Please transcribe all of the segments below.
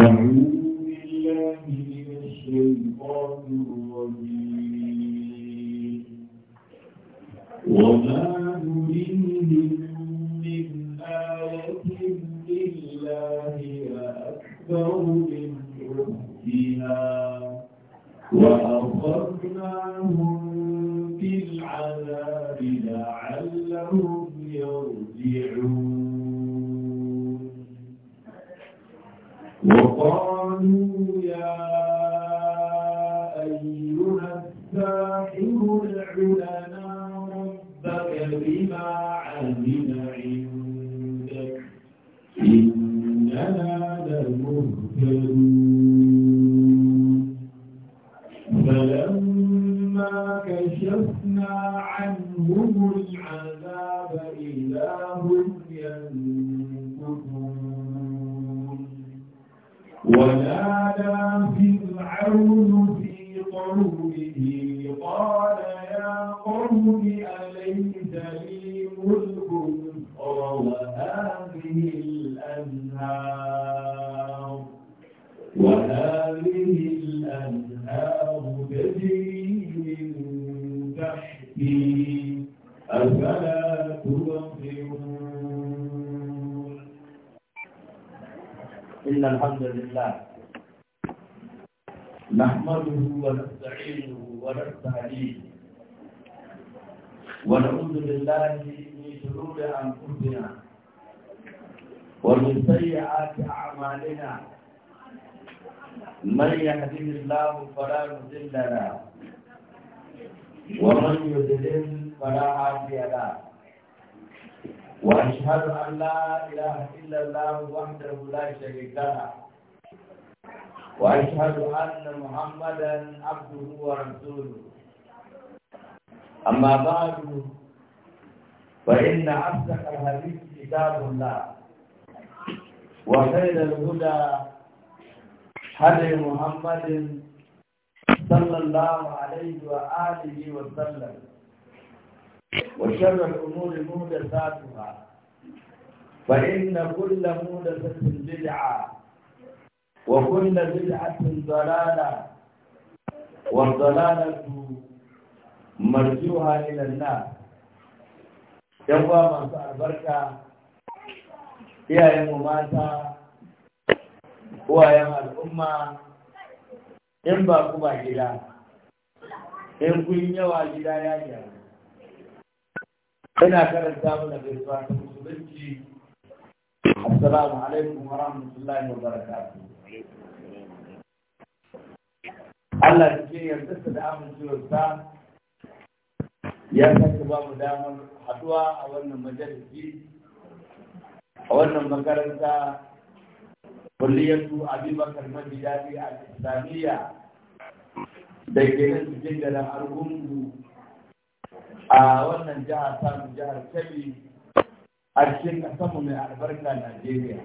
أعوذ بالله من الشيطان وهذه الأنهار تجري من تحتي أفلا تبصرون إن الحمد لله نحمده ونستعينه ونستهديه ونعوذ بالله من شرور أنفسنا ومن سيئات أعمالنا من يهده الله فلا مضل له ومن يضلل فلا هادي له واشهد ان لا اله الا الله وحده لا شريك له واشهد ان محمدا عبده ورسوله اما بعد فان اصدق الحديث كتاب الله وخير الهدى هدي محمد صلى الله عليه وآله وسلم وشر الأمور مهدساتها فإن كل مهدسة بدعة وكل بدعة ضلالة والضلالة مرجوها إلى الناس يوم ما البركة iyayenmu mata uwayen al'umma in ba ku ba gida in kun yawa gida ya gyara ina karanta mana gaisuwa ta musulunci assalamu alaikum wa rahmatullahi wa barakatuh Allah cikin yardarsa da amincewarsa ya saka ba mu damar haduwa a wannan majalisi a wannan makaranta kulliyatu su abubakar majidadi a islamiyya da ke nan cikin garin argungu a wannan jihar samun jihar kebbi a cikin kasanmu mai albarka najeriya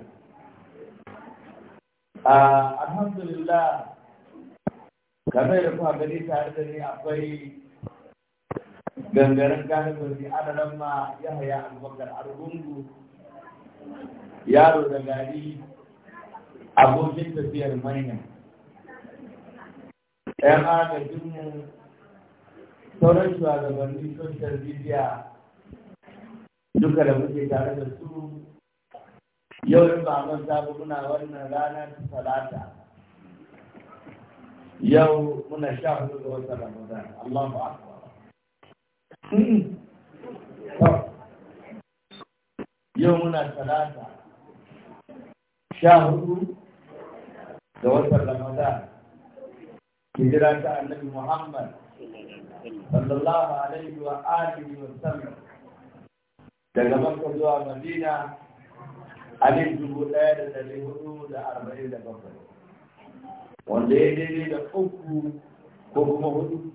alhamdulillah kamar da kuma gani tare da ni akwai gangaren galibin ne adalan ma ya haya abubakar argungu yaro da gari abokin tafiyar manya ɗan agajinmu sauran shugabanni social media duka da muke tare da su yau in ba manta ba muna wannan rana ta talata yau muna sha hudu ga wata ramadan Allahu akbar yau muna talata sha hudu ga watan Ramadan hijira ta annabi Muhammad sallallahu alaihi wa alihi wa sallam daga Makka zuwa Madina a alif dubu ɗaya da ɗari hudu da arba'in da bakwai wanda ya daidai da uku ko kuma hudu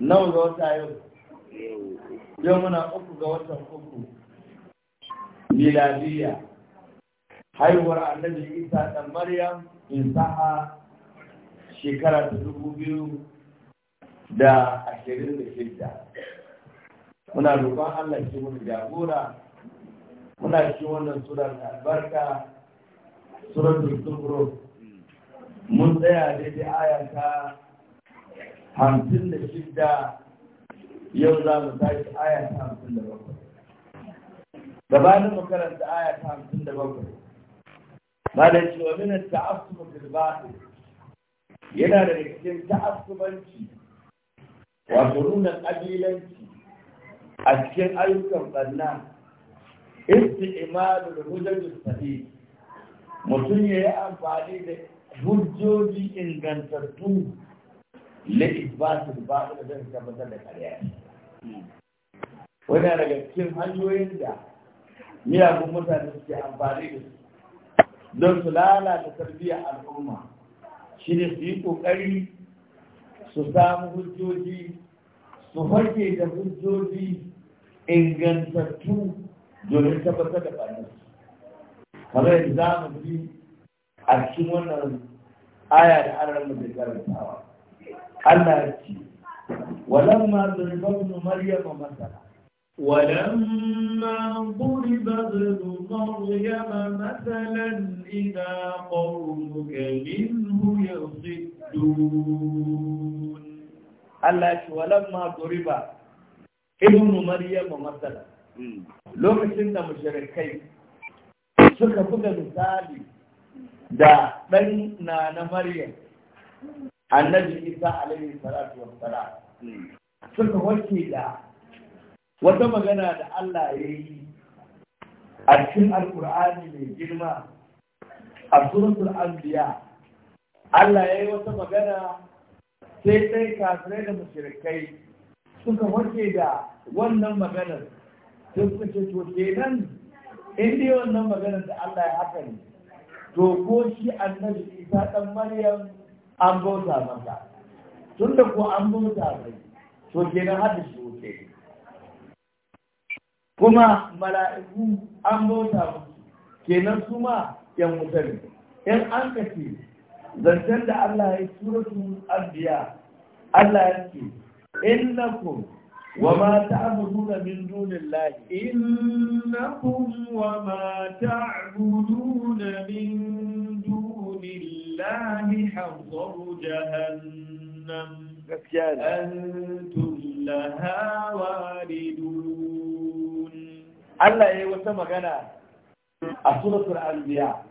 Nau ga wata yau yau muna uku ga watan uku miladiya haihuwar annabi isa dan maryam in saha shekara ta dubu biyu da ashirin da shidda muna roƙon allah shi mun jagora muna shi wannan surar albarka surar dukkan mun tsaya daidai ayata hamsin da shidda yau za mu tashi ayata hamsin da bakwai gabanin makaranta ayata hamsin da bakwai wa cewa min ta'assub bil yana da cikin ta'assubanci wato nuna abilanci a cikin ayyukan ɓanna, banna isti'malul da sahih mutum ya yi amfani da hujjoji ingantattu la ba su da tabbatar da ƙarya wani daga cikin hanyoyin da miyagun mutane suke amfani da su don su lalata tarbiyyar al'umma shi ne su yi ƙoƙari su samu hujjoji su farke da hujjoji ingantattu domin tabbatar da ɓarnar kamar yadda za mu ji a cikin wannan aya da an ranar da karantawa Allah ya ce walamma zurfa ibn maryam masala ولما ضرب ابن مريم مثلا إذا قومك منه يصدون الله ولما ضرب ابن مريم مثلا لو مشينا مشركين سوف كنا مثال دا بن نانا مريم النبي عيسى عليه الصلاه والسلام سوف وكيلا wata magana da Allah ya yi a cikin alkur'ani mai girma a suratul anbiya Allah ya yi wata magana sai dai kasirai da mashirikai suka wace da wannan maganar sai suka ce to kenan in dai wannan maganar da Allah ya haka ne to ko shi annabi Isa dan Maryam an bauta tun tunda ko an bauta mai to kenan hada shi wuce kuma mala’iku an bauta kenan su ma ‘yan mutar ‘yan an kace zancen da Allah ya tura su abiya Allah ya ce in na ku wa ma ta abu min dunin in na ku wa ma ta abu nuna min dunin lahi da an tun laha wa ridu Allah ya yi wata magana a suratul anbiya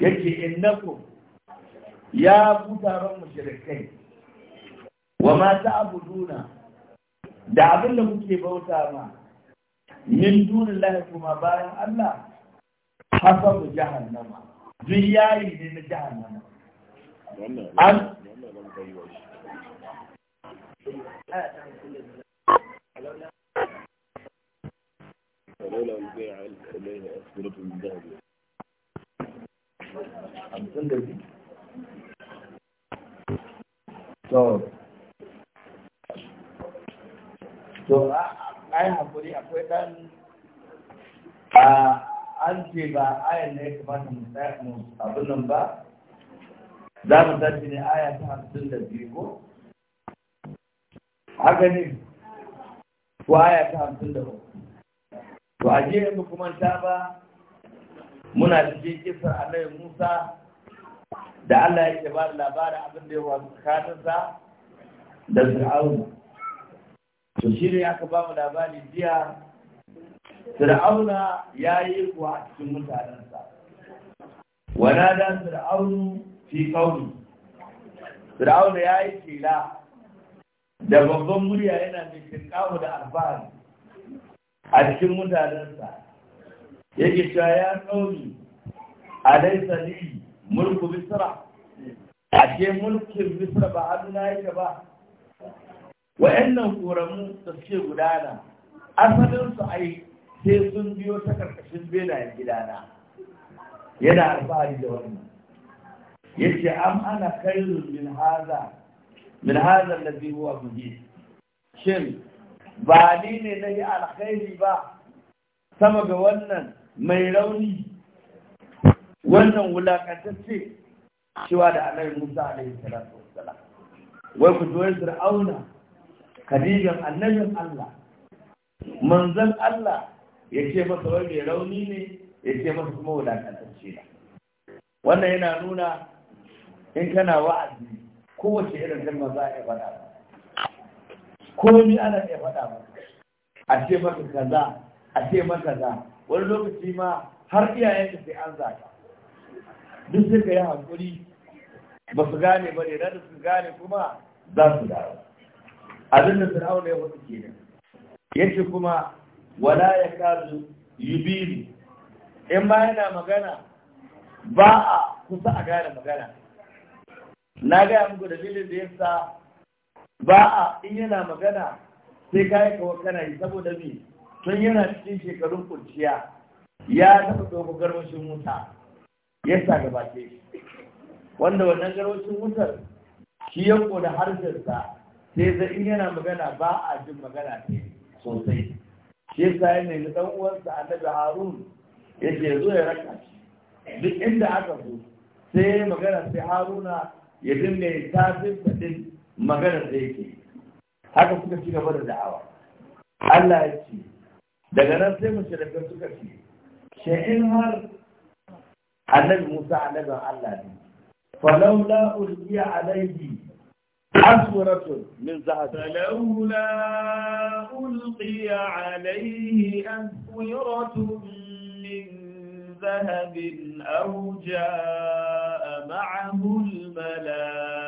yake innakum ya butaran mushrikai wa ma ta'buduna da abin da kuke bauta ma min dunillahi kuma bayan Allah hasabu jahannama duk yayi ne na jahannama an ولولا البيع إليه أسفرة من ذهب hamsin da to to ai hakuri akwai ɗan. a an ce ba ayan da ya kamata mu mu abin nan ba za mu tashi ne aya ta hamsin da biyu ko haka ne ko aya ta hamsin da uku to a jiya mu kuma ta ba muna cikin kisar annabi Musa da Allah ya ke ba da labarin abin da ya wasu tsakaninsa da Fir'auna to shi ne aka ba mu labari jiya Fir'auna ya yi kuwa a cikin mutanensa wana da Fir'aunu fi kauni Fir'auna ya yi kila da babban murya yana mai shirkawo da alfahari a cikin mutanensa yake cewa ya kauni a laisa li mulku misra a ce mulkin misra ba aduna yake ba wa'annan koramu da suke gudana asalinsu ai sai sun biyo ta karkashin benayen gidana yana alfahari da wannan yace am ana kai min haza min haza allazi huwa mujib shin ba ni ne na yi alkhairi ba sama ga wannan mai rauni wannan wulakantacce cewa da annabi Musa alaihi salatu wassalam wai ku doyar Fir'auna kadijan annabin Allah manzon Allah yace masa wai mai rauni ne yace masa kuma wulakantacce ne wannan yana nuna in kana wa'azi kowace irin kalma za a yi faɗa komi ana iya faɗa maka a ce maka kaza a ce maka kaza wani lokaci ma har ka sai an zaka duk sai ka yi hankuri ba su gane ba ne na da su gane kuma za su dawo abin da fir'auna ya wasu kenan yace kuma wala ya kazu yubiri in ma yana magana ba a kusa a gane magana na gaya muku dalilin da ya sa. ba a in yana magana sai ka yi kawo kana yi saboda me tun yana cikin shekarun kurciya ya taɓa ɗauko garwashin wuta ya sa gaba ke wanda wannan garwashin wutar shi ya kone harshensa sai zai in yana magana ba a jin magana ne sosai shi yasa ya nemi ɗan uwansa annabi harun ya ce zo ya raka shi duk inda aka zo sai magana sai haruna ya dinga yin tafin din مغرى ايكي هكا كنت تيجا بدا دعوة ألا ايكي دقنا سيما شرفت سكا شيء شئين هر موسى علاقه ألا فلولا ألقي عليه أسورة من ذهب فلولا ألقي عليه أسورة من ذهب أو جاء معه الملائكة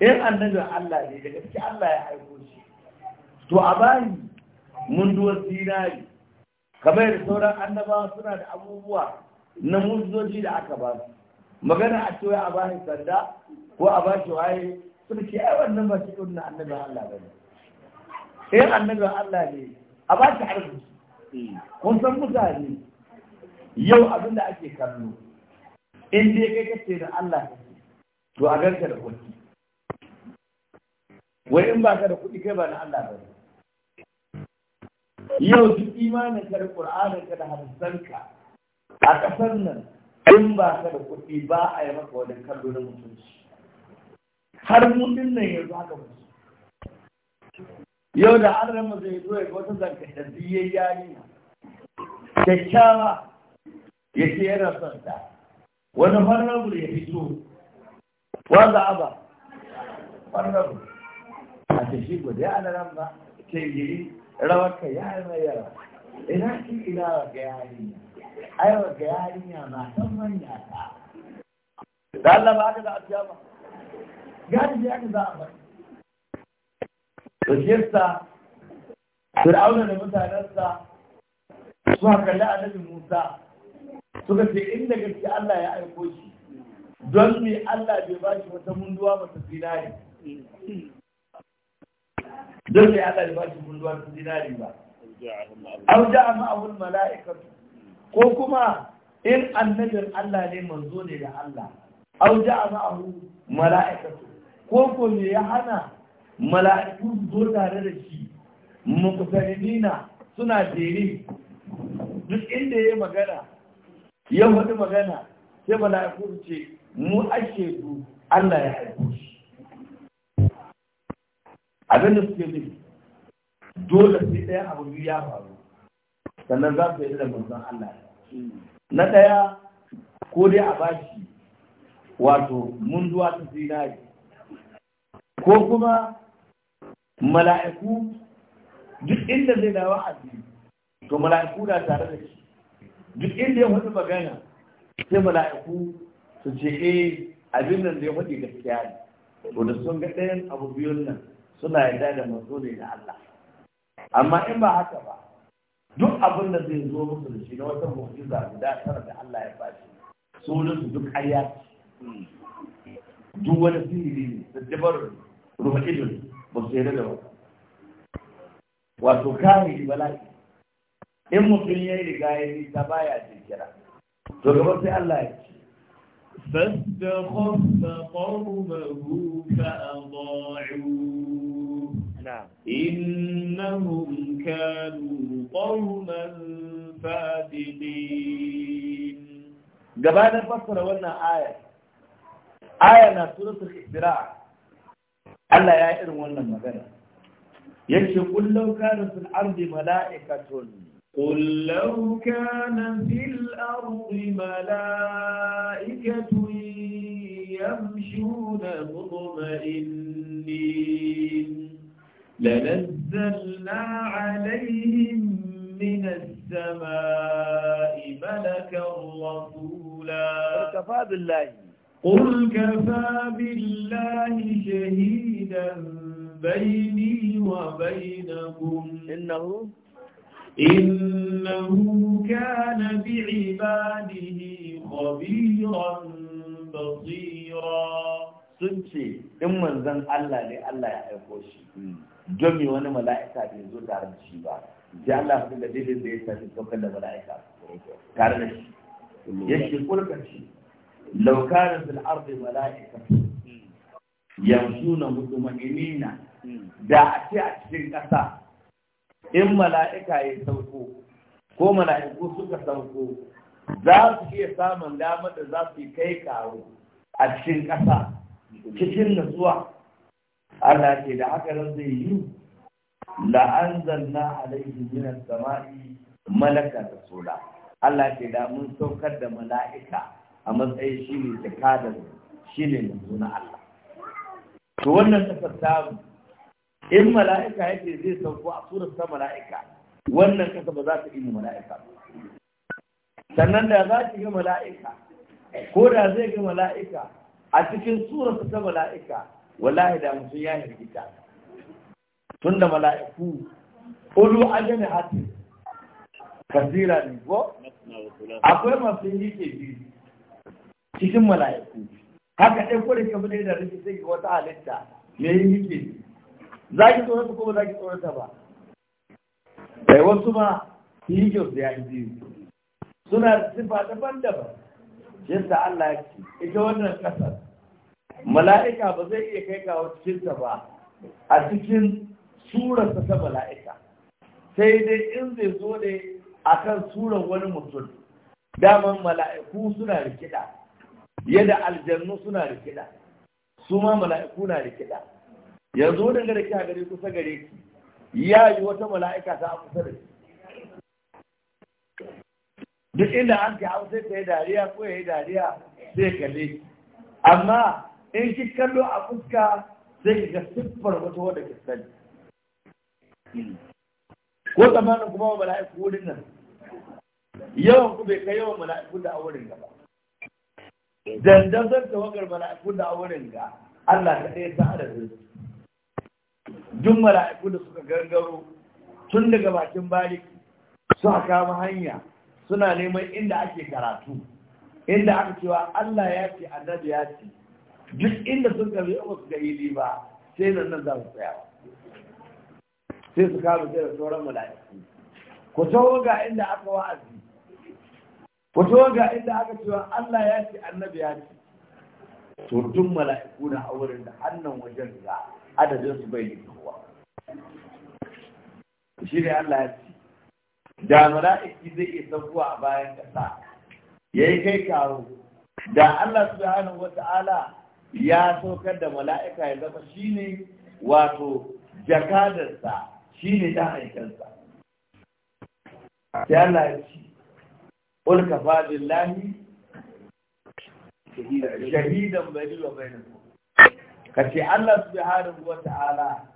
in annabin Allah ne da gaske Allah ya haifo shi to a bayi mun duwar zinari kamar da sauran annabawa suna da abubuwa na muzoji da aka ba su magana a cewa a bayi sanda ko a bashi waye sun ce ai wannan ba shi na annabin Allah ba ne in annabin Allah ne a bashi arziki kun san mutane yau abin da ake kallo in dai kai kace da Allah to a ganka da kuɗi wai in ba ka da kuɗi kai ba na Allah ba yau duk imanin ka da Qur'anin ka da hadisanka a ƙasar nan in ba ka da kuɗi ba a yi maka wani kallo na mutunci har mutum nan yanzu haka ba. yau da an rama zai zo ya wata zankatattu ya yi kyakkyawa ya ce yana son ta wani farnabur ya fito wanda aba farnabur shi guda a nan ba ke giri rawarka ya yi yara yawa ina ki ina wa ga yarinya ai wa ga yarinya na san manya ta da Allah ba ka da ajiya ba gari ya ka za a ba to shi yasa Fir'auna da mutanensa suka kalli annabi Musa suka ce inda gaske Allah ya aiko shi don me Allah bai ba shi wata munduwa mata zinari don sai Allah ya ba shi gunduwar dinari ba aw a ma'ahul mala'ikatu ko kuma in annabin Allah ne manzo ne da Allah aw ja'a ma'ahu mala'ikatu ko ko me ya hana mala'iku zo tare da shi muqtarinina suna jere duk inda yayi magana ya wani magana sai mala'iku ce mu ashe Allah ya haifu shi abin da suke zai dole sai ɗaya abu biyu ya faru sannan za su yi da manzon Allah na ɗaya ko dai a bashi wato munduwa ta zinari ko kuma mala'iku duk inda zai dawa a to mala'iku na tare da shi duk inda ya faɗi magana sai mala'iku su ce eh abin nan da ya faɗi gaskiya ne to sun ga ɗayan abu biyun nan suna yarda da manzo ne da Allah amma in ba haka ba duk abin da zai zo musu da shi na wata mu'jiza guda tara da Allah ya ba shi sunan su duk ƙarya duk wani sihiri ne da dabar rubaidun ba su yarda da wata wato kare bala'i in mutum ya yi riga ya yi ta baya jinkira to gaba sai Allah ya ce فاستخف قومه فأضاعوه نعم إنهم كانوا قوما فاسقين جبانا فسر وانا آية آية نا سورة الاختراع ألا يا إرم وانا مغنى يمشي قل لو كان في الأرض ملائكة قل لو كان في الأرض ملائكة يمشون مطمئنين لنزلنا عليهم من السماء ملكا رسولا قل كفى بالله قل كفى بالله شهيدا بيني وبينكم إنه إنه كان بعباده خبيرا بصيرا سنتي إما زن الله لألا يحيقوش don me wani mala'ika da ya zo tare da shi ba sai Allah ya da dalilin da ya tafi saukar da mala'ika tare da shi ya shi kulkar shi laukarin fil ardi mala'ika mutu ma'imina da a ce a cikin ƙasa in mala'ika ya sauko ko mala'iku suka sauko za su iya samun damar da za su kai karo. a cikin ƙasa cikin nutsuwa Allah ce da haka nan zai yi la'anzalna alaihi as sama'i malaka rasula Allah ce da mun saukar da mala'ika a matsayin shi ne jakadar shi ne yanzu na Allah to wannan kasar in mala'ika yake zai sauko a surar ta mala'ika wannan kasa ba za ta yi mala'ika sannan da za ki ga mala'ika ko da zai ga mala'ika a cikin surar ta mala'ika wallahi da mutum ya hirgita tun da mala'iku ulu ajami hati kasira ne ko akwai masu yi ke biyu cikin mala'iku haka ɗan ko ka ke bude da rikin sai wata halitta me yi ke za ki tsorata ko ba za ki tsorata ba kai eh, wasu ma yi ke su ya biyu suna sifa daban-daban yadda Allah ya ce ita wannan kasar mala'ika ba zai iya kai kawo cikinta ba a cikin surarsa ta mala'ika sai dai in zai zo ne a kan surar wani mutum daman mala'iku suna rikida yadda aljannu suna rikida su ma mala'iku na rikida yanzu wani da ka gari kusa gare ki ya yi wata mala'ika ta kusa da shi duk inda an ka hau sai ta yi dariya ko ya yi dariya sai kalle amma in shi kallo a fuska sai ga siffar wata wadda ka sani ko tsamanin kuma wa mala'iku wurin nan yawan ku bai kai yawan mala'iku da a ga ba dandazon tawagar mala'iku da wurin ga Allah ta ɗaya ta zai duk mala'iku da suka gangaro tun daga bakin su a kama hanya suna neman inda ake karatu inda aka cewa Allah ya ce annabi ya ce duk inda sun karbi ba su gari ne ba sai nan nan za su tsaya sai su kama sai da sauran mala'iku ku taho ga inda aka wa'azi ku taho ga inda aka cewa Allah ya ce annabi ya ce to mala'iku na auren da hannun wajen za adadin su bai yi kowa shi ne Allah ya ce da mala'iki zai iya sabuwa a bayan kasa. ya yi kai karo da Allah subhanahu wa ta'ala ya saukar da mala'ika ya zama shine wato jakadarsa shine ta aikansa Ta Allah ya ci ulka fa lahi, shahidan bari wa ka ce Allah subhanahu wa ta'ala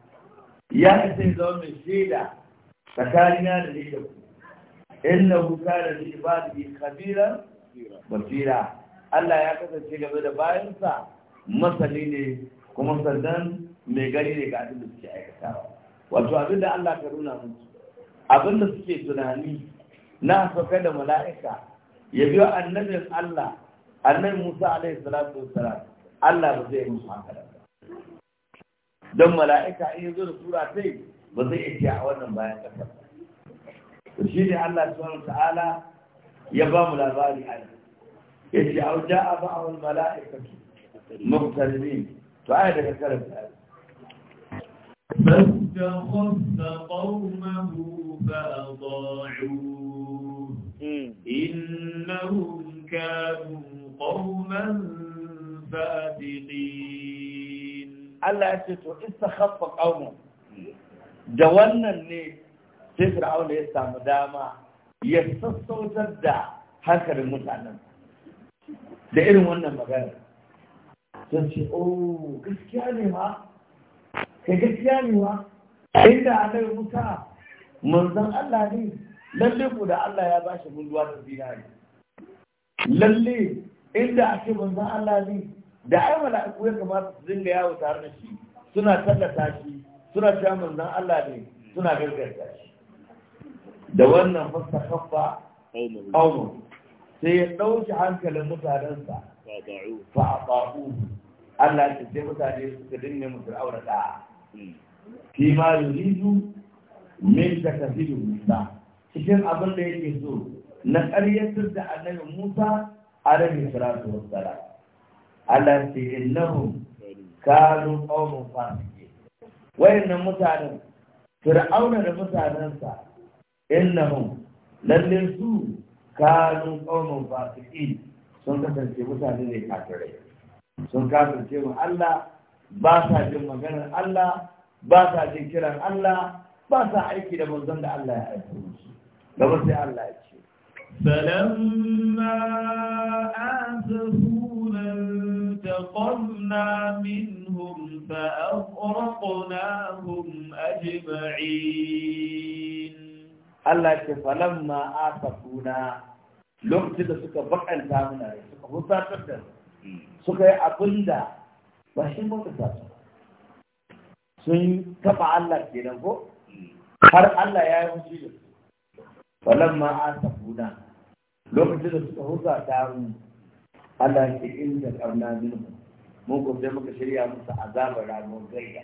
ya sai zama mai shaida tsakanina da nake ku innahu ba da yi khabira basira Allah ya kasance game da bayansa masali ne kuma sannan mai gani ne ga abin da suke aikatawa wato abin da Allah ka nuna musu abin da suke tunani na sauka da mala'ika ya biyo annabin Allah annabi Musa alaihi salatu wassalam Allah ba zai musu haka ba don mala'ika in yanzu da sura sai ba zai iya a wannan bayan kasa ba shi ne Allah subhanahu ta'ala ya ba mu labari a abu a wani mala'ika su مغتربين تعالى تذكرت هذا فاستخف قومه فأضاعوه إنهم كانوا قوما فاسقين الله يسيطه استخف قومه دولنا اللي سيد عون يستعمل داما يستصوت الدع هكذا المتعلم لأنه إيه وانا مغارب don ce oh gaskiya ne ma ka gaskiya ne ma inda annabi musa manzan Allah ne lalle ku da Allah ya ba shi munduwa da zinari lalle inda a ce manzan Allah ne da ai mala'iku ya kamata su dinga yawo tare da shi suna tallata shi suna cewa manzan Allah ne suna gargarta shi da wannan fasta kafa, qaumun sai ya ɗauki hankalin mutanensa fa'ata'u Allah ya ce mutane suka dinne mu fir'auna da fi ma yuridu min takfiru Musa cikin abin da yake so na ƙaryatar da annabi Musa alaihi salatu wassalam Allah ya ce innahum kanu qaumun fasiqin wayannan mutanen fir'auna da mutanensa innahum lallin su kanu qaumun fasiqin sun kasance mutane ne kafirai sun kasance mu Allah ba sa jin maganar Allah ba sa jin kiran Allah ba sa aiki da manzon da Allah ya aika musu gaba sai Allah ya ce فلما آسفونا انتقمنا منهم فأغرقناهم أجمعين الله يقول فلما آسفونا lokacin da suka bakanta mana rai suka husatar da suka yi abin da ba shi bakanta su sun taɓa Allah ke nan ko har Allah ya yi hushi da su falan ma an tafuna. lokacin da suka husata mu Allah ke inda ƙarna minhu mun ko sai muka shirya musu azabar ranar gaida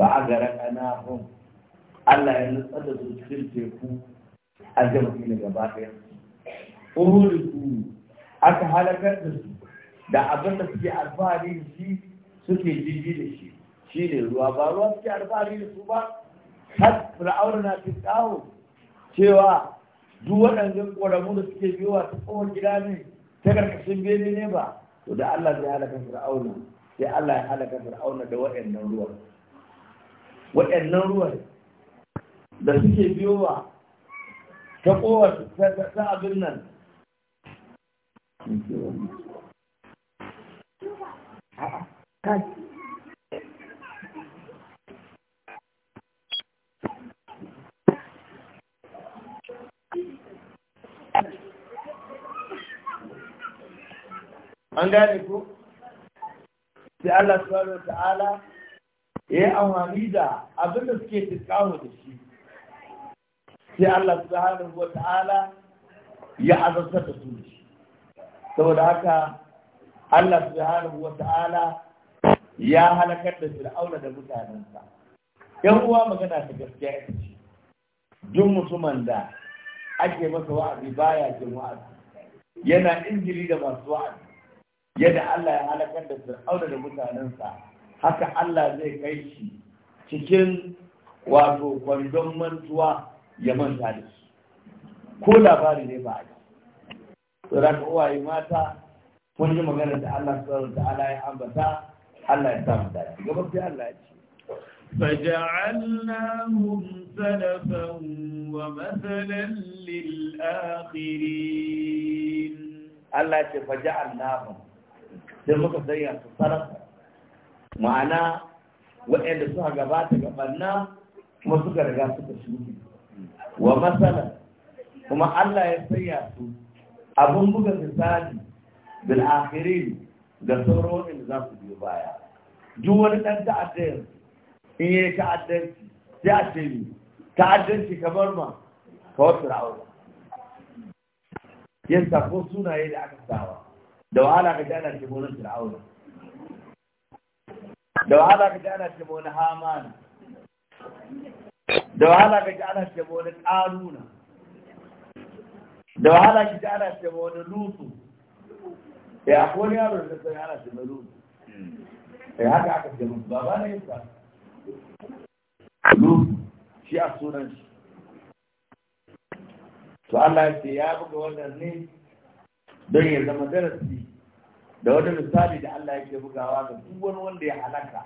ba a gara ƙanahun Allah ya nutsar da su cikin teku a jama'i na gaba ɗaya. uhuriku aka halakar da su da abin da suke alfahari da shi suke jirgi da shi shi ne ruwa ba ruwa suke alfahari da su ba har fir'auna na fi tsawo cewa duk waɗannan ƙoramu da suke biyowa ta tsohon gida ne ta ƙarƙashin bene ne ba to da Allah zai halaka fir'auna sai Allah ya halaka fir'auna da waɗannan ruwan waɗannan ruwan da suke biyowa ta ƙowar ta abin nan an gane ku, sai Allah subhanahu ta’ala ya yi amfani da abin da suke tinkawo da shi sai Allah subhanahu ta’ala ya azarta da su da shi saboda haka Allah subhanahu wa ta'ala ya halakar da fir'auna da mutanensa yan uwa magana ta gaskiya ita ce duk mutumin da ake masa wa'azi baya jin wa'azi yana injili da masu wa'azi yadda Allah ya halakar da fir'auna da mutanensa haka Allah zai kai shi cikin wato kwandon mantuwa ya manta da shi ko labari ne ba a tsoron uwaye mata kun ji magana da Allah da Allah ya ambata Allah ya samu mu dace gaba sai Allah ya ce فجعلناهم سلفا ومثلا للآخرين الله يقول فجعلناهم sai muka sanya su sarrafa ma'ana waɗanda suka gabata gabanna kuma suka riga suka shuɗe wa matsala kuma Allah ya sanya su abun buga misali bil akhirin ga sauran da za su biyo baya duk wani dan ta'adda yanzu in yi ta'addanci sai a ce ni ta'addanci kamar ma kawar fir'auna yasa ko sunaye da aka sawa da wahala ka ji ana ce wani fir'auna da wahala ka ji ana ce wani hamana da wahala ka ji ana ce wani ƙaruna da wahala shi ta ana ce wani lutu ya eh, akwai wani yaro da sai ana ce ma lutu ya eh, haka aka ce musu baba na yasa lutu shi a sunan shi to Allah ya ce ya buga wannan ne don ya zama darasi da wani misali da Allah yake bugawa ga duk wani wanda ya halaka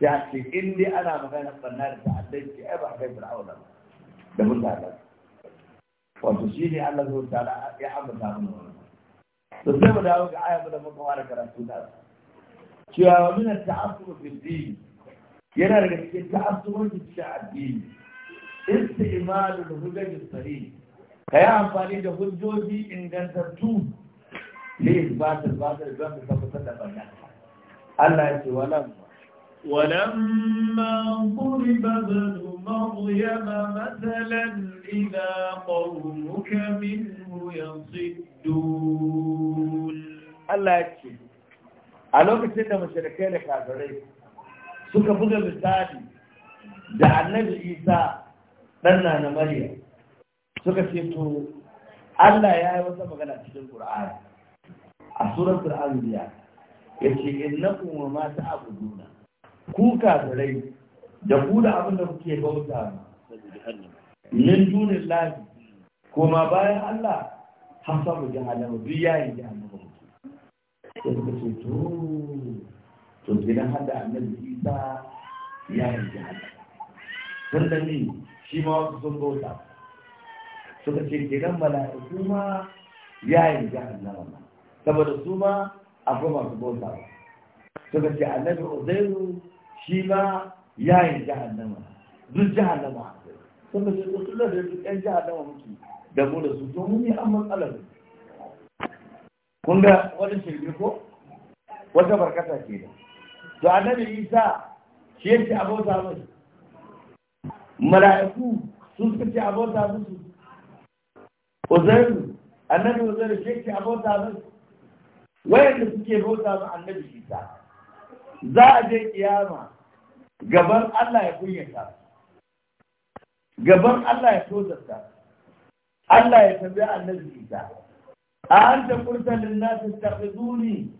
ya ce in dai ana magana ɓanna da ta'addanci ai ba kai fir'auna da mutanen wato shi ne Allah zai tara ya ambata mu to sai mu dawo ga ayatu da muka fara karatu da cewa min ta'assub fi din yana daga cikin ta'assub fi cikin addini istimalul hujjaj sahih kai amfani da hujjoji ingantattu ne isbatul batil don ka tabbatar da bayan Allah ya ce walam ولما ضرب مريم مثلا إذا قومك منه يصدون الله يكفي a lokacin da mashirikai da kafirai suka buga misali da annabi isa ɗanna na mariya suka ce to allah ya yi wata magana cikin ƙura'ani a surar ƙura'an biya ya ce inna kuma mata abu duna ku kafirai da ku da abin da kuke bauta min dunin lafi koma bayan Allah hasabu jahannama duk yayin jahannama mutu sai suka ce to to gidan hada annabi isa yayin jahannama sun da ni shi ma wasu sun bauta suka ce gidan mala'iku ma yayin jahannama saboda su ma akwai masu bauta suka ce annabi uzairu shi ma yayin jahannama duk jahannama sun da su tula da duk yan jahannama muke da mu da su to mun yi an matsalar kun ga wani shirme ko wata barkata ke da to annabi isa shi yake abota mai mala'iku sun suke abota musu uzairu annabi uzairu shi yake abota mai wayanda suke bauta ma annabi isa za a je kiyama gaban Allah ya kunyata gaban Allah ya tozarta Allah ya tambaye annabi Isa a anta qulta lin nas ittakhizuni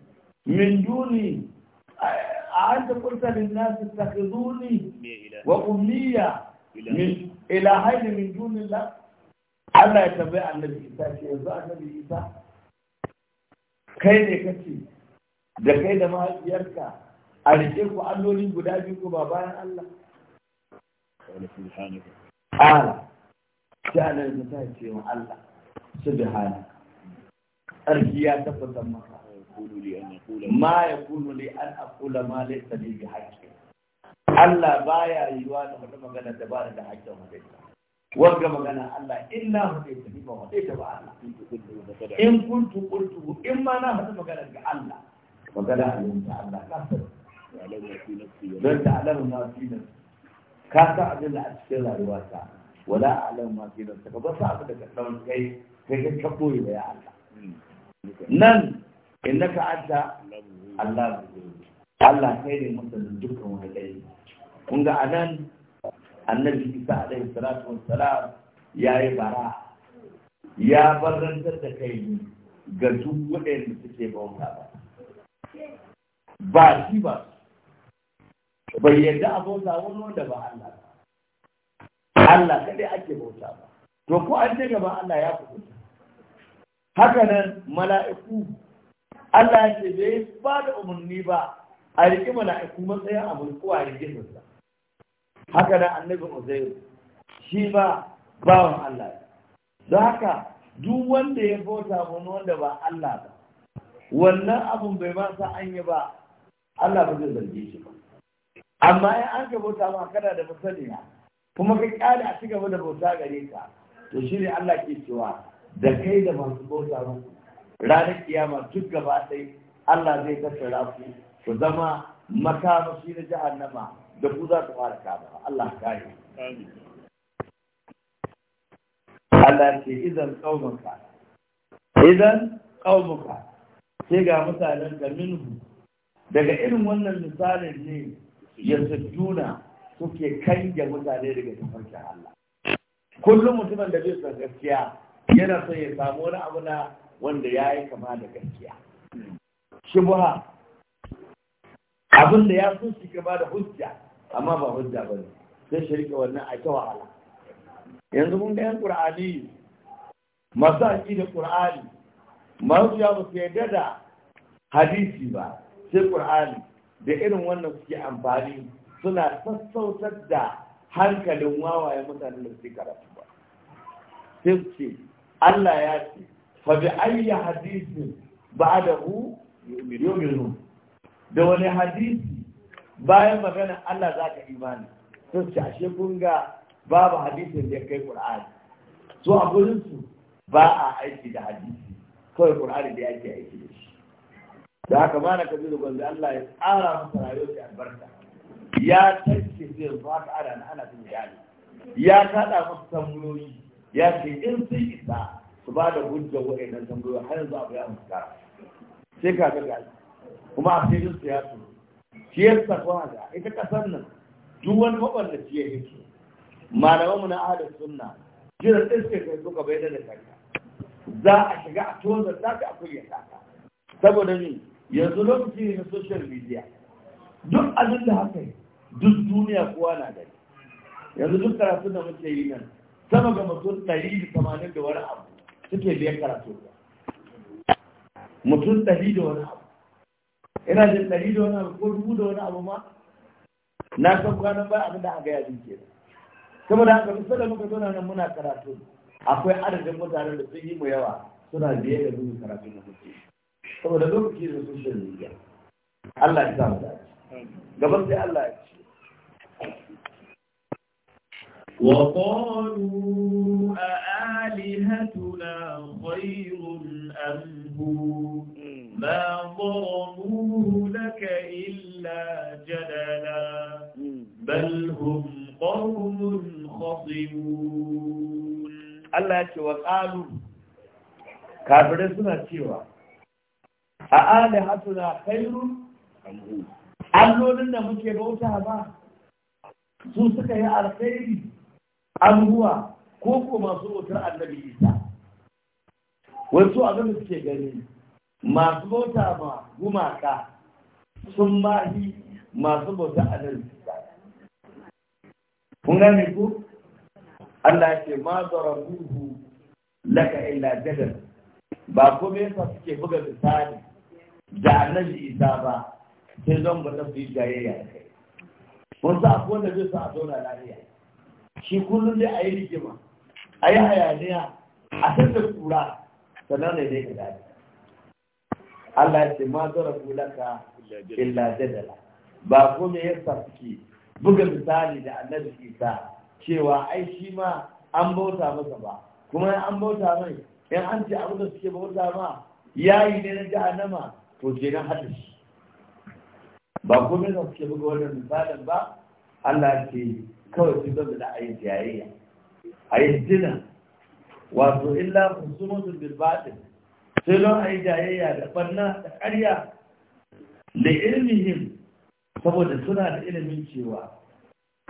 min duni a anta qulta lin nas ittakhizuni wa ummiya min haini min duni la. Allah ya tambaye annabi Isa ke yanzu annabi Isa kai ne kace da kai da mahaifiyarka a rike ku allolin guda biyu ko ba bayan Allah ala jalar da ta ce wa Allah subhana tsarki ya tabbatar maka ma ya kunu li an aqula ma laysa li bi haƙƙi. Allah baya yiwa da wata magana da ba da haƙƙin hadaita wanga magana Allah illa hadaita bi ba hadaita ba Allah in kuntu qultu in ma na hada magana ga Allah magana ta Allah kafir don ta alama ma fi nan ka san abin da a cikin rayuwa ta wala a ma fi nan ta ka ba sa abin da ka san kai kai ka kabo da ya Allah nan innaka anta Allah Allah kai ne mutanen dukkan wani dai kun ga anan annabi Isa alaihi salatu wassalam yayi bara ya barantar da kai ga duk waɗanda suke bauta ba ba shi ba bai yadda a bauta wani wanda ba Allah ba Allah kadai ake bauta ba to ko an ce gaba Allah ya kuɓuta haka nan mala'iku Allah ya ce bai ba da umarni ba a riƙe mala'iku matsayin a kowa a riƙe sa haka nan annabi Uzairu shi ba bawan Allah don haka duk wanda ya bauta wani wanda ba Allah ba wannan abun bai ba sa an yi ba Allah ba zai zarge shi ba amma in an ka bauta ma kana da masaniya kuma ka kyale a cigaba da bauta gare ka to shi ne Allah ke cewa da kai da masu bauta muku ranar kiyama duk gaba ɗaya Allah zai tattara ku ku zama makamashi na jahannama da ku za ku fara kama Allah kare Allah ce idan kaumuka idan kaumuka sai ga mutanen ka minhu daga irin wannan misalin ne yasudduna suke kai ga mutane daga tafarkin Allah kullum mutumin da bai san gaskiya yana son ya samu wani abu na wanda ya yi kama da gaskiya shubha abin da ya so shi kama da hujja amma ba hujja ba ne sai shirka wannan a ta wahala yanzu mun ga yan qur'ani masu da qur'ani masu ya ba su da hadisi ba sai qur'ani da irin wannan suke amfani suna sassautar da hankalin wawaye mutanen da suke karatu ba sai su ce Allah ya ce fa bi ayyi hadisin ba'dahu yu'minu da wani hadisi bayan magana Allah za ka imani su ce ashe kun ga babu hadisin da ya kai Qur'ani so a gurin su ba a aiki da hadisi kawai Qur'ani da yake aiki da da haka ma na kabiru gwanzu Allah ya tsara masa rayuwar da albarka ya tarke zai yanzu haka ana na ana jin iyali ya kada masa tambayoyi ya ce in sun isa su ba da hujjar waɗannan tambayoyi har yanzu abu ya musu kara sai ka ga kuma a yin su ya su shi ya sa kuma ga ita ƙasar nan duk wani shi ya malaman mu na adal sunna jira ɗin sai kai suka bai da kanka za a shiga a tozar ta ka a kuryata ka saboda ni yanzu lokaci ne na social media duk abin da haka duk duniya kowa na gari. yanzu duk karatu da muke yi nan sama ga mutum ɗari da tamanin da wani abu suke biyan karatu mutum ɗari da wani abu ina jin ɗari da wani abu ko dubu da wani abu ma na san kwanan ba abin da aka yi din ke da haka kusa da muka zo nan muna karatu akwai adadin mutanen da sun yi mu yawa suna biye da zuwa karatu na mutum saboda lokaci da social media Allah ya samu dace gaban sai Allah ya ce وقالوا أآلهتنا خير أم هو ما ضربوه لك إلا جدلا بل هم قوم خصمون الله يقول وقالوا كافر سنة cewa. a na Kairu, allolin da muke bauta ba su suka yi alkhairi abubuwa ko ko masu wutar annabi isa wasu a suke gani masu bauta ma gumaka sun mahi masu bauta annabi isa kun gane ku Allah ce ma zarabuhu laka illa jadal ba kuma yasa suke buga misali da annabi isa ba sai zan ba ta fi jayayya da kai sa ko da zai sa a zauna lafiya shi kullum dai a yi rigima a yi hayaniya a san da kura sannan ne dai ka dace Allah ya ce ma zara kulaka illa jadala ba me ya sarki buga misali da annabi isa cewa ai shi ma an bauta masa ba kuma an bauta mai in an ce abu da suke bauta ma yayi ne na jahannama to je haɗa shi ba komai da suke buga wannan misalin ba Allah ke kawai su zama da ayi jayayya ayi dina wato illa husumatun bil sai don ayi jayayya da ɓanna, da ƙarya da ilmihim saboda suna da ilimin cewa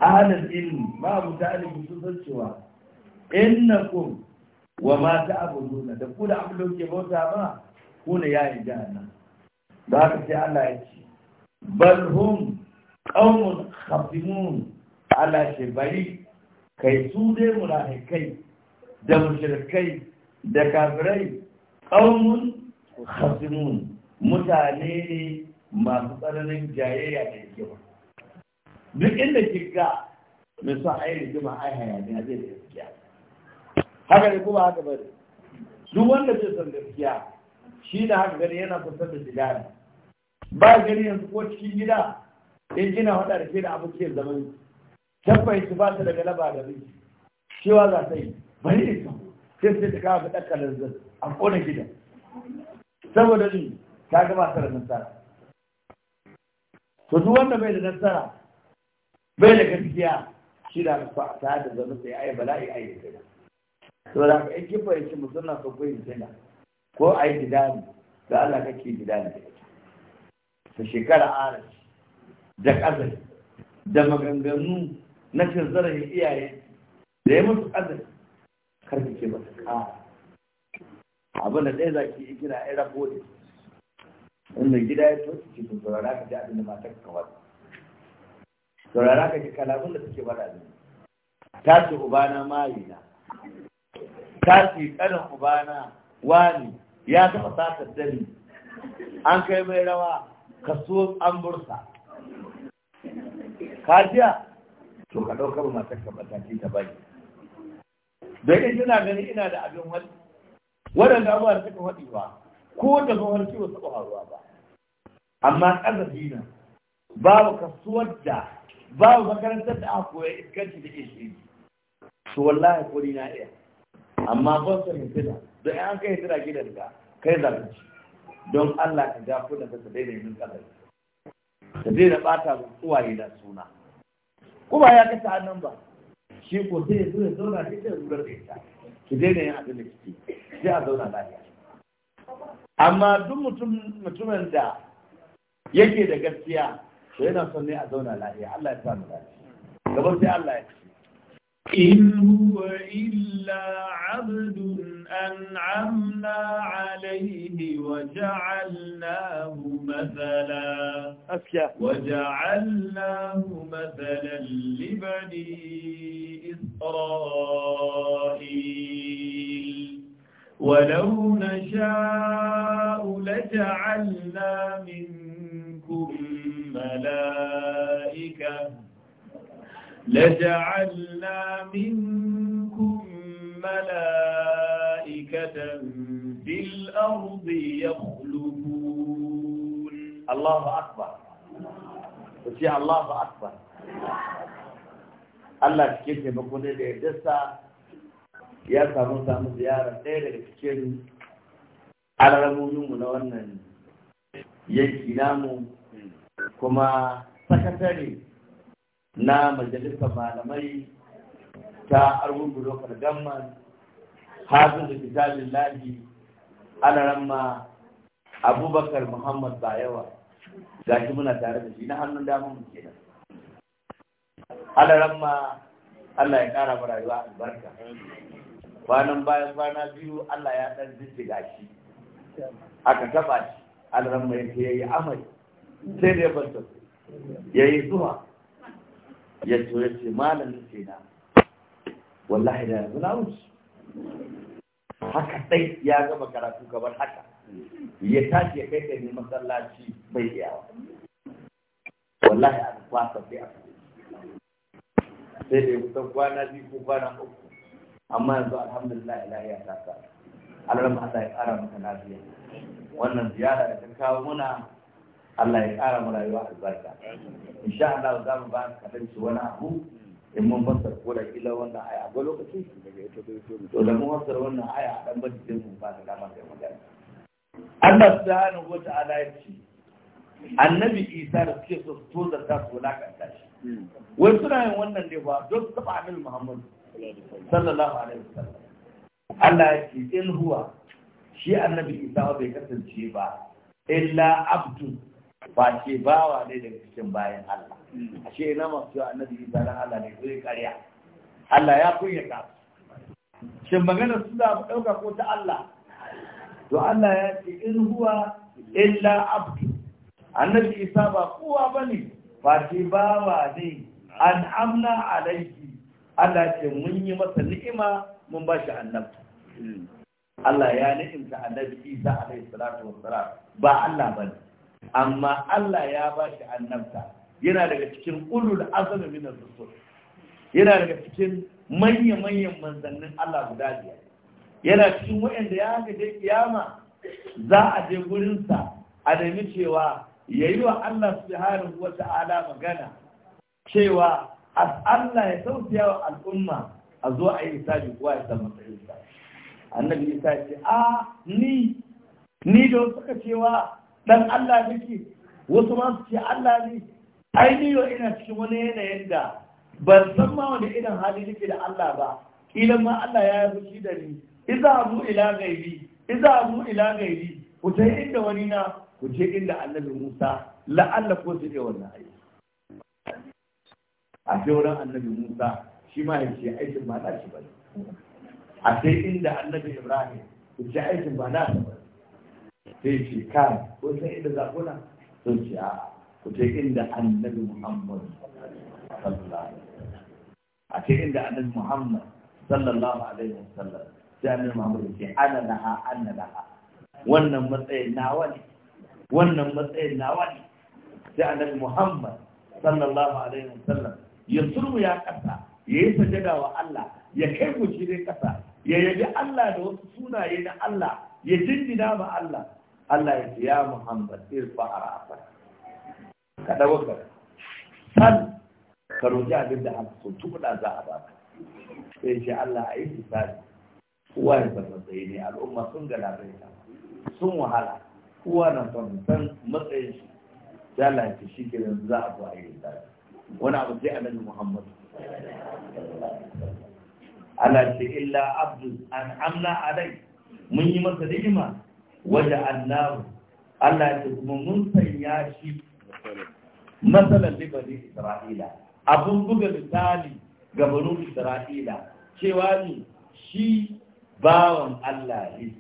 ahlul ilmi ma mutalibi sun san cewa innakum wa ma ta'buduna da ku da abin da ke bauta ma kuna ne jihar nan. da haka sai Allah ya ce bal hum qaumun Allah ce bari kai su dai munafikai da mushrikai da kafirai qaumun khasimun mutane ne masu tsananin jayayya da hikima duk inda kika mai sa ayi rigima ai hayaniya zai da gaskiya haka ne kuma haka bari duk wanda zai san gaskiya shi da haka gani yana kusa da sigari ba gani yanzu ko cikin gida in kina faɗa da ke da abokin zaman tabbai su ba su da galaba da rinki cewa za ta yi bari ne sai sai ta kawo ɗan kalanzar a ƙona gida. saboda ni ta gaba ta da nasara to duk wanda bai da nasara bai da gaskiya shi da ta da zama sai ai bala'i ai da gida to da ka yi kifa ya musulman ka koyi zina ko a yi bidani da Allah kake bidani da ita ta shekara arashi da ƙazari da maganganu na cin zarafin iyaye da ya mutu ƙazari karfi ke ba ƙara abin da ɗaya za ki yi gina ɗaya rabo inda gida ya tosi ce to saurara ka ji abin da matar ka kawar saurara ka ji kalamun da suke faɗa ne Tashi ubana mayina ta ce ubana wani ya taɓa sata dani an kai mai rawa kaso an bursa kajiya to ka ɗaukar matar ka matakin ta bai da in tana gani ina da abin wani Wadanda abuwa da suka faɗi ba ko da kawar ciwo suka faruwa ba amma ƙazafi na babu kasuwar da babu makarantar da aka koya iskanci da ke shi to wallahi ko na iya amma ban san hijira don an kai hijira gidan ka kai zalunci don Allah ka ja kudin ka daina yin kalari ka da bata ga uwaye da suna kuma ya kasa annan ba shi ko sai ya zo ya zauna shi da zurar da ita ki daina yin abin da kike sai a zauna lafiya amma duk mutumin da yake da gaskiya to yana son ne a zauna lafiya Allah ya sa mu lafiya gaban sai Allah ya إن هو إلا عبد أنعمنا عليه وجعلناه مثلا وجعلناه مثلا لبني إسرائيل ولو نشاء لجعلنا منكم ملائكة لجعلنا منكم ملائكة في الأرض يخلقون الله أكبر وشي الله أكبر Allah cikin taimako ne da yardarsa ya samu samu ziyarar ɗaya daga cikin alramominmu na wannan yanki namu kuma sakatare na majalisar malamai ta arwun gudokar gamman hafin da kitabin lahi alaramma abubakar muhammad bayawa ga shi muna tare da shi na hannun damar mu kenan alaramma allah ya kara mu rayuwa albarka kwanan bayan kwana biyu allah ya dan ga shi aka taba shi alaramma ya ce ya yi amai sai da ya banta ya yi zuwa ya ya ce malam ce na wallahi da yanzu na wuce haka sai ya gama karatu gabar haka ya tashi ya kai ka ne masallaci bai iyawa wallahi a kwasa sai a sai da kusan kwana biyu ko kwana uku amma yanzu alhamdulillah ilahiya ta sa alhamdulillah ya kara maka lafiya wannan ziyara da ta kawo muna Allah ya ƙara mu rayuwa albarka sha Allah za mu ba ka kadanci wani abu in mun fassara ko da kila wannan aya akwai lokaci to da mun fassara wannan aya a dan bajin mu ba da dama kai magana Allah subhanahu wata ala ya ce annabi Isa da suke so su toza ta su wulakanta shi wai suna yin wannan ne ba don su taɓa annabi Muhammad sallallahu alaihi wasallam Allah ya ce in huwa shi annabi Isa bai kasance ba illa abdu ba ce wa ne da cikin bayan Allah hmm. ashe na masu yawa annabi Isa dan Allah ne zai karya. Allah ya kunya ka shin magana su da mu dauka ko ta Allah to Allah ya ce in huwa illa abdu annabi Isa ba kowa bane ba ce wa ne an amna alaiki Allah ce mun yi masa ni'ima mun ba shi annabi. Hmm. Allah ya ni'imta annabi Isa alaihi salatu wassalam ba Allah bane amma Allah ya ba shi annabta yana daga cikin ulul azami min ar-rusul yana daga cikin manya-manyan manzannin Allah guda biyar yana cikin waɗanda ya ga je kiyama za a je gurinsa a nemi cewa ya wa Allah subhanahu wa ta'ala magana cewa as Allah ya saukiya wa al'umma a zo a yi hisabi kuwa ya san matsayinsa annabi isa ce a ah, ni ni da suka cewa dan Allah nake wasu ma su ce Allah ne ai ni yau ina cikin wani yanayin da ban san ma wani irin hali nake da Allah ba idan ma Allah ya yi shi da ni idza abu ila gaibi idza abu ila gaibi ku ta inda wani na ku je inda annabi Musa la'alla ko su wannan aiki a sai wurin annabi Musa shi ma ya ce aikin ba na shi ba a sai inda annabi Ibrahim ya ce aikin ba na shi ba sai ce kan ko sai inda zakuna sun ce a ku ce inda annabi muhammad sallallahu a ce inda annabi muhammad sallallahu alaihi wasallam sai annabi muhammad ce ana da ha, ana da ha. wannan matsayin nawa ne wannan matsayin nawa ne sai annabi muhammad sallallahu alaihi wasallam ya surmu ya kasa ya yi sajada wa Allah ya kai mu shi ne kasa ya yabi Allah da wasu sunaye na Allah ya jinjina ma Allah Allah ya ce ya Muhammad irfa arafa ka dawo ka san ka roƙi abin da haka so tukuda za a baka sai shi Allah a yi tsari kowa ya san tsaye ne al'umma sun ga labarai sun wahala kowa na son san matsayin shi sai Allah ya ce shi ke za a zo a yi tsari wani abu sai annabi Muhammad Allah ce illa abdu an amna alai mun yi masa ni'ima waje allahu. Allah ya ce kuma mun sanya shi matsalar libanin Isra'ila abun buga misali ga barun Isra'ila cewa ne shi bawan Allah ne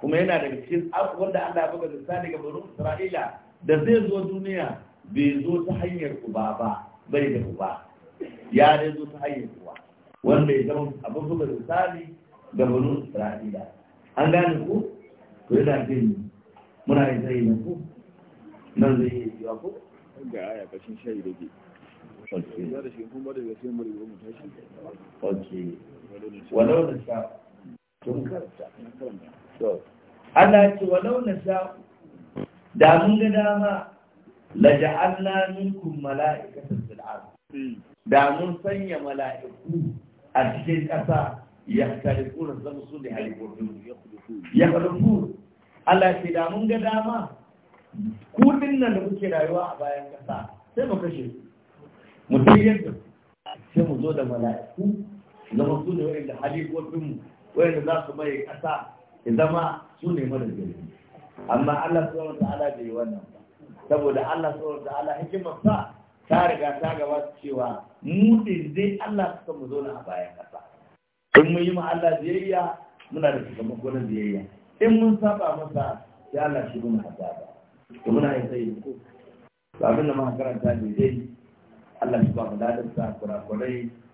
kuma yana daga cikin wanda Allah ya buga misali ga barun Isra'ila da zai zo duniya bai zo ta hanyar uba ba bai da uba ya dai zo ta hanyar uba. wanda ya zama abin buga misali ga barun Isra'ila an gani ku yi lafi ne muna yi zai na ku nan zai yi yiwa ku ga aya kashin shayi da ke ok walau na sha tun karta ana ce walau na sha da mun ga dama laja'alna minkum mala'ikatan fil ard hmm. da mun sanya mala'iku a cikin ƙasa yahtalifuna zama su ne halifofin ya halifu Allah ce da mun ga dama kudin nan da muke rayuwa a bayan kasa sai mu kashe su mu yadda sai mu zo da mala'iku zama su ne wa'inda halifofinmu wa'inda za su mai kasa ya zama su ne mara jirgi amma Allah subhanahu ta'ala bai wannan ba saboda Allah subhanahu ta'ala hikimar sa ta riga ta gabata cewa mu din dai Allah suka mu zo na a bayan kasa in mun yi ma Allah biyayya muna da sakamako na biyayya in mun saba masa ya Allah shi mun ba to muna yin sai ko abin da muka karanta ne dai Allah shi ba da ladan sa kurakurai